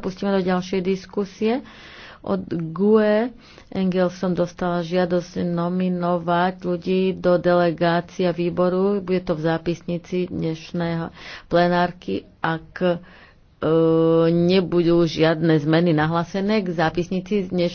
pustíme do ďalšej diskusie. Od GUE Engel som dostala žiadosť nominovať ľudí do delegácia výboru. Bude to v zápisnici dnešného plenárky. Ak e, nebudú žiadne zmeny nahlasené k zápisnici dnešného